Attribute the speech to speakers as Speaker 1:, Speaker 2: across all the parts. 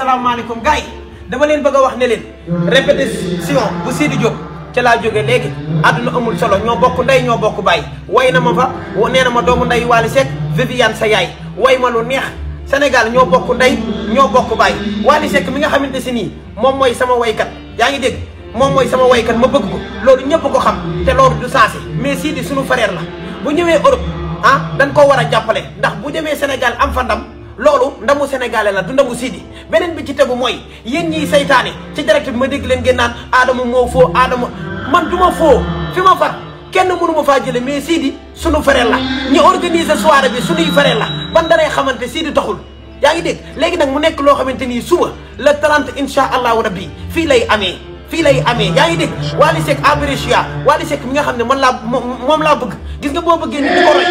Speaker 1: salaamaaleykum gars yi dama leen bëgg a wax ne leen répétition bu Sidi Diop ca laa jóge léegi àdduna amul solo ñoo bokk ndey ñoo bokk bàyyi way na ma fa nee na ma doomu ndey Waly Seck Viviane sa yaay way ma lu neex Sénégal ñoo bokk ndey ñoo bokk bàyyi Waly Seck mi nga xamante si nii moom mooy sama woykat yaa ngi dégg moom mooy sama waykat ma bëgg ko loolu ñëpp ko xam te loolu du saasi mais Sidi sunu frère la bu ñëwee Europe ah dañ koo war a jàppale ndax bu demee Sénégal am fa ndam loolu ndamu sénégalais la du ndamu Sidi beneen bi ci tegu mooy yéen ñiy seytaane ci direct bi ma dégg leen ngeen naan aadama moo foo aadama man du ma foo fi ma far kenn mënu ma faa jële mais Sidi sunu frère la ñu organiser soirée bi sunuy frère la ban danay xamante sii Sidi taxul yaa ngi dégg léegi nag mu nekk loo xamante nii suba la talant incha allahu rabbi fii lay amee fii lay amee yaa ngi dégg Wally Seck Abrecia Wally Seck mi nga xam ne man laa moom laa bëgg gis nga boo bëggee nit di ko roy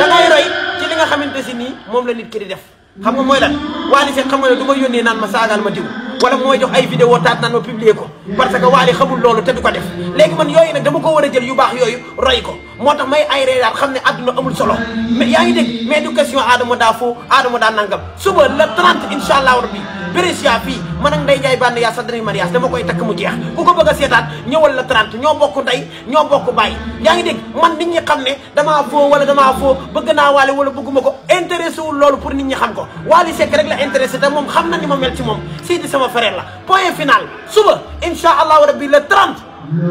Speaker 1: da ngay roy ci li nga xamante si nii moom la nit ki di def xam nga mooy lan waali si xam nga ne du ma yónnee naan ma saagaal ma diw wala mooy jox ay vidéo taat naan ma publier ko parce que waali xamul loolu te du ko def léegi man yooyu nag dama ko war a jël yu baax yooyu roy ko moo tax may ay reedaat xam ne àdduna amul solo mais yaa ngi dégg mais du question Adama daa foo Adama daa nangam suba le 30 incha allahu rabbi Brescia fii ma ak Ndeye Ndiaye bànn yaa sa dernier mariage dama koy takk mu jeex ku ko bëgg a seetaat ñëwal le 30 ñoo bokk ndey ñoo bokk bàyyi yaa ngi dégg man nit ñi xam ne damaa foo wala damaa foo bëgg naa waale wala bëgguma ko intéressé wul loolu pour nit ñi xam ko Wally Seck rek la intéressé te moom xam na ni ma mel ci moom Sidi sama frère la point final suba incha allahu rabbi le 30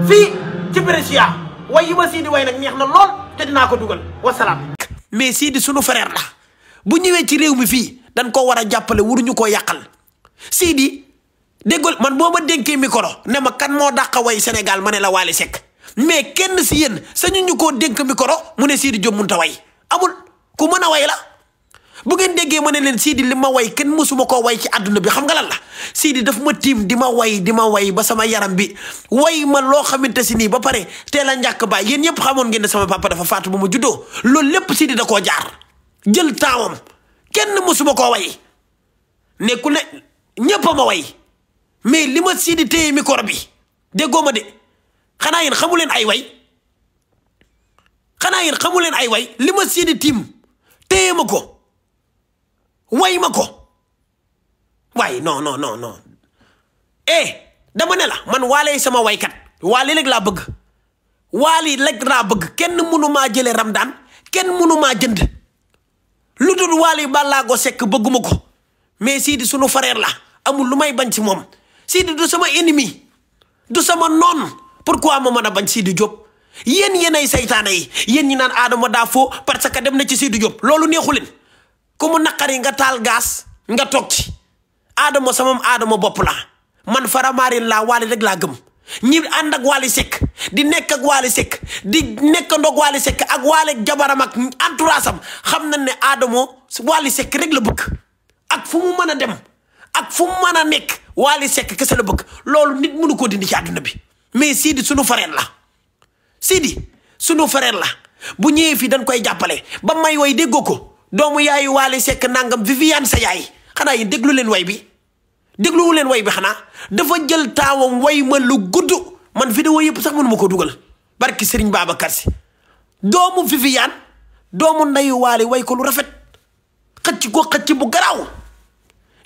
Speaker 1: fii ci Brescia way yi ma Sidi way nag ñeex na lool te naa ko dugal wasalaam. mais Sidi sunu frère la bu ñëwee ci réew mi fii dañ koo war a jàppale waruñu koo yàqal siidi déggal man boo ma dénkee micro ne ma kan moo dàq way Sénégal ma ne la waale sekk mais kenn si yenn sañu ñu koo dénk mikoro mu ne Sidi Diop mënut a way amul ku mën a way la. bu ngeen déggee ma ne leen sii di li ma way kenn mësuma koo way ci àdduna bi xam nga lan la Sidi dafa ma tiim di ma way di ma way ba sama yaram bi way ma loo xamante si nii ba pare teel a njàkk baay yéen ñëpp xamoon ngeen ne sama papa dafa faatu ba ma juddoo loolu lépp Sidi da koo jaar jël taawam kenn mësuma koo way ne ku ne way mais li ma Sidi téye bi déggoo ma de xanaa yéen xamu leen ay way xanaa yéen xamu leen ay way li ma Sidi tiim téye ma ko. way ma ko waaye non non non non eh, dama ne la man waalee sama waykat waali rek laa bëgg waali rek laa bëgg kenn mënu maa jëlee ramdaan kenn mënu maa jënd lu dul waali bàllaago sekk bëgguma ko mais Sidi sunu frère la amul lu may bañ si moom Sidi du sama ennemi du sama noon pourquoi ma mën a bañ Sidi Diop yéen yéen ay saytaane yi yéen ñi naan Adama daa foo parce que dem na ci Sidi Diop loolu neexu leen ku mu naqari nga taal gaas nga toog ci aadama samam aadama bopp la man faramaarin laa waale rek laa gëm ñi ànd ak waali sekk di nekk ak waali sekk di nekkandoog waali sekk ak waale jabaram ak entourage am xam na ne aadama waali sekk rek la bëgg ak fu mu mën a dem ak fu mu mën a nekk waali sekk kese la bëgg loolu nit mënu ko dindi ci àdduna bi mais Sidi sunu frère la Sidi sunu frère la bu ñëwee fii dañ koy jàppale ba may way déggoo ko doomu yaayu waali sekk nangam Viviane sa yaay xanaa yi déglu leen way bi dégluwu leen way bi xanaa dafa jël taawam way ma lu gudd man fi de vidéo yëpp sax mënu ma ko dugal barki Serigne baaba Sy doomu Viviane doomu nayu waali way ko lu rafet xëcc ko xëcc bu garaaw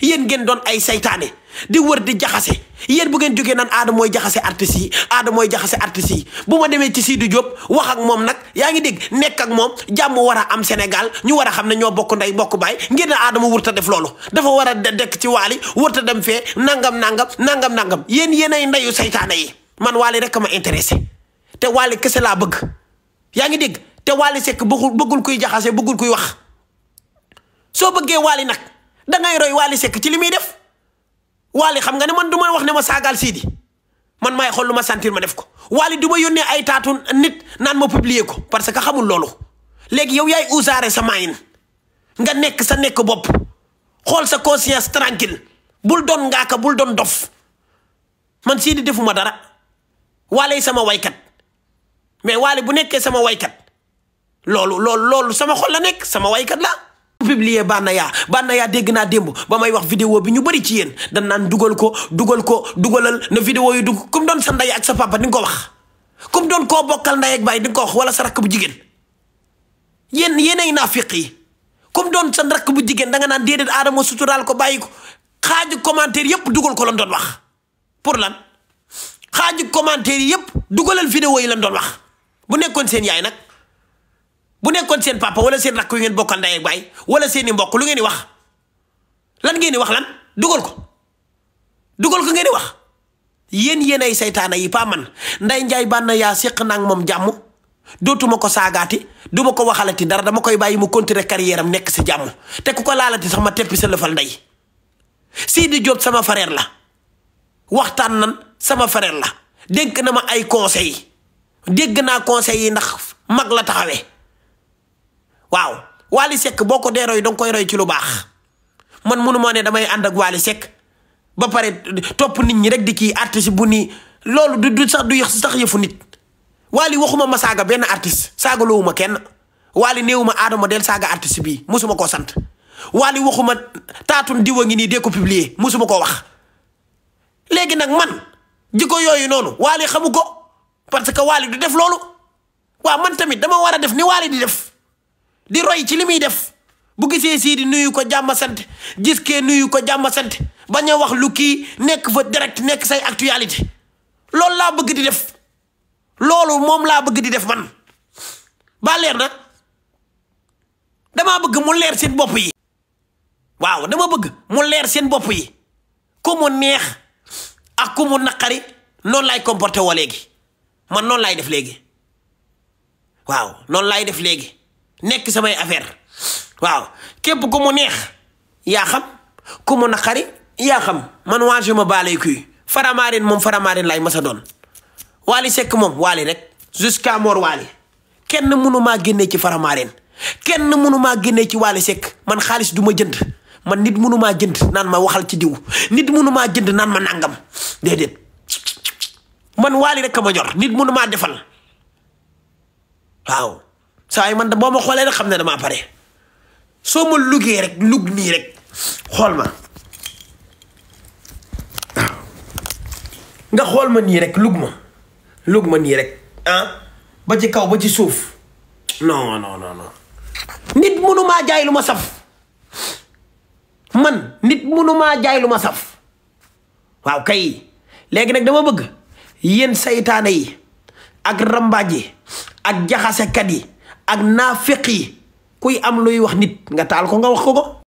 Speaker 1: yéen ngeen doon ay saytaane di wër di jaxase yéen bu ngeen jógee naan aada mooy jaxase artistes yi aada mooy jaxase artistes yi bu ma demee ci Sidy Diop wax ak moom nag yaa ngi dégg nekk ak moom jàmm war a am Sénégal ñu war a xam ne ñoo bokk ndey bokk baay ngeen ne aadama wurta def loolu dafa war a dekk ci waali wurta dem fee nangam nangam nangam nangam yéen yéen ay ndeyu saytaane yi man waali rek ma intéressé te waali kese laa bëgg yaa ngi dégg te waali sekk bëggul bëggul kuy jaxase bëggul kuy wax soo bëggee waali nag dangay roy Wally Seck ci li muy def Wally xam nga ne man du ma wax ne ma saagaal Sidi man maay xool lu ma sentir ma def ko Wally du ma yónnee ay taatu nit naan ma publier ko parce que xamul loolu léegi yow yaay usaare sa mayin nga nekk sa nekk bopp xool sa conscience tranquille bul doon ngaaka bul doon dof man Sidi defuma dara Wally sama waykat mais Wally bu nekkee sama waykat loolu loolu loolu sama xol la nekk sama waykat la publier Banaya Banaya dégg naa démb ba may wax vidéo bi ñu bëri ci yéen dan naan dugal ko dugal ko dugalal na vidéo yi dugg comme doon sa ndey ak sa papa di nga ko wax comme doon koo bokkal ndey ak baay di wala sa bu jigéen yéen yéenay naafiq yi comme doon sa rakk bu jigéen da nga naan déedéet aadama suturaal ko bàyyi ko xaaj commentaire yépp dugal ko lan doon wax pour lan xaaju commentaire yi dugalal vidéo yi lan doon wax bu nekkoon seen yaay nag bu nekkoon seen papa wala seen rakk yu ngeen bokkal ndey baay wala seeni i mbokk lu ngeen di wax lan ngeen di wax lan dugal ko dugal ko ngeen di wax yéen yéen ay saytaana yi pa man nday njaay bànn yaa séq naa moom jàmm dootuma ko saagaati duma ko waxalati dara dama koy bàyyi mu continuer carrière am nekk si jàmm te ku ko laalati sax ma teppi sa lëfal ndey Sidi jot sama frère la waxtaan nan sama frère la dénk na ma ay conseils dégg naa conseils yi ndax mag la taxawee Wally sekk boo ko dee roy danga koy roy ci lu baax man munu moo ne damay ànd ak Wally Seck ba pare topp nit ñi rek di kii artiste bu nii loolu du du sax du yëx sax yëfu nit Wally waxuma ma saaga benn artiste saaga ma kenn Wally néewuma Adama del saaga artiste bii musuma koo sant Wally waxuma diw a ngi nii dee ko publier musuma koo wax léegi nag man jikko yooyu noonu Wally xamu ko parce que Wally du def loolu waaw man tamit dama war a def ni Wally di def di roy ci li muy def bu gisee di nuyu ko jàmma sant gis kee nuyu ko jàmm sant bañ a wax lu kii nekk fa direct nekk say actualité loolu laa bëgg di def loolu moom laa bëgg di def man ba leer na damaa bëgg mu leer seen bopp yi waaw dama bëgg mu leer seen bopp yi ku neex ak ku naqari noonu laay comporté woo léegi man noonu laay def léegi waaw noonu laay def léegi nekk samay affaire waaw képp ku mu neex yaa xam ku mu naqari yaa xam man waa je me bats les couilles moom faramaarin laay masa doon waali sekk moom waali rek jusqu'à mort waali kenn mënumaa génnee ci faramaarin kenn mënumaa génnee ci waali sekk man xaalis du ma jënd man nit mënumaa jënd naan ma waxal ci diw nit mënumaa jënd naan ma nàngam déedéet man waali rek ka ma ñor nit mënumaa defal waaw saa man de boo ma xoolee rek xam ne damaa pare soo ma lugee rek lug nii rek xool ma nga xool ma nii rek lug ma lug ma nii rek ah, ba ci kaw ba ci suuf no no non nit mënumaa jaaylu ma saf man nit mënumaa jaay lu ma saf waaw kay léegi nag dama bëgg yéen seytaane yi ak rambaaj yi ak jaxasekat yi ak naafiq yi kuy am luy wax nit nga taal ko nga wax ko ko